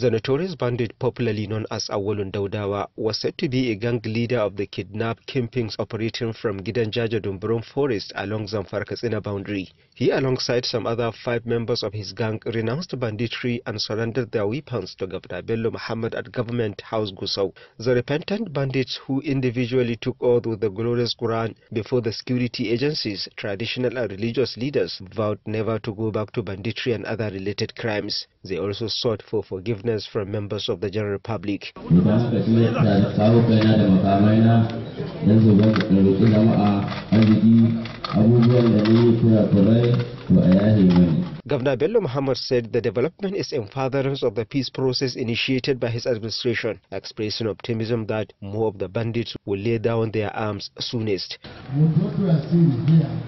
The notorious bandit popularly known as Awolun Daudawa was said to be a gang leader of the kidnap kingpins operating from Gidanjaja Dumbrum forest along Zamfara inner boundary. He alongside some other five members of his gang renounced banditry and surrendered their weapons to Governor Bello Muhammad at Government House Gusau. The repentant bandits who individually took oath with the glorious Quran before the security agencies, traditional and religious leaders vowed never to go back to banditry and other related crimes. They also sought for forgiveness from members of the general public. Governor Bello Muhammad said the development is in furtherance of the peace process initiated by his administration, expressing optimism that more of the bandits will lay down their arms soonest. What we are seeing here,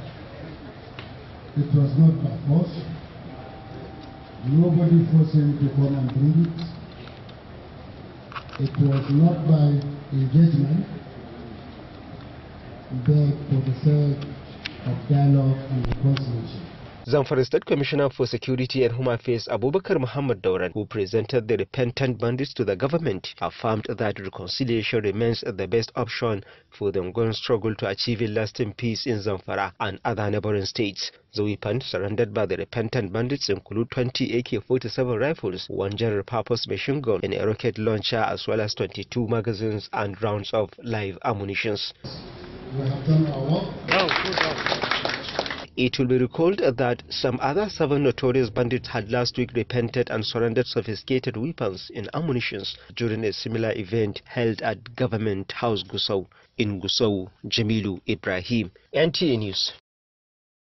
it was not by force. Nobody forced him to come and bring it. It was not by engagement, but for the sake of dialogue and reconciliation. Zamfara State Commissioner for Security and Home Affairs Abubakar Muhammad Dauran, who presented the repentant bandits to the government, affirmed that reconciliation remains the best option for the ongoing struggle to achieve a lasting peace in Zamfara and other neighboring states. The weapons surrendered by the repentant bandits include 20 AK-47 rifles, one general-purpose machine gun, and a rocket launcher, as well as 22 magazines and rounds of live ammunitions. We have done our work. It will be recalled that some other seven notorious bandits had last week repented and surrendered sophisticated weapons and ammunition during a similar event held at Government House Gusau in Gusau, Jamilu Ibrahim, NTA News.